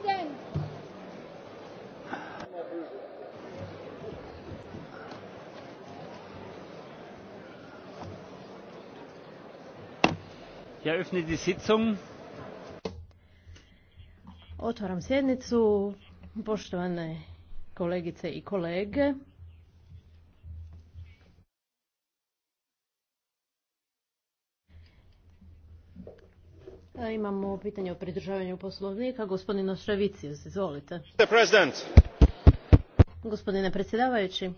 Präsident! Ja öffne die Sitzung. Otvaram sjednicu, poštovane kolegice i kolege. Imamo pitanje o pridržavanju poslovnika. Gospodin Ošravicius, izvolite. Gospodine predsjedavajući,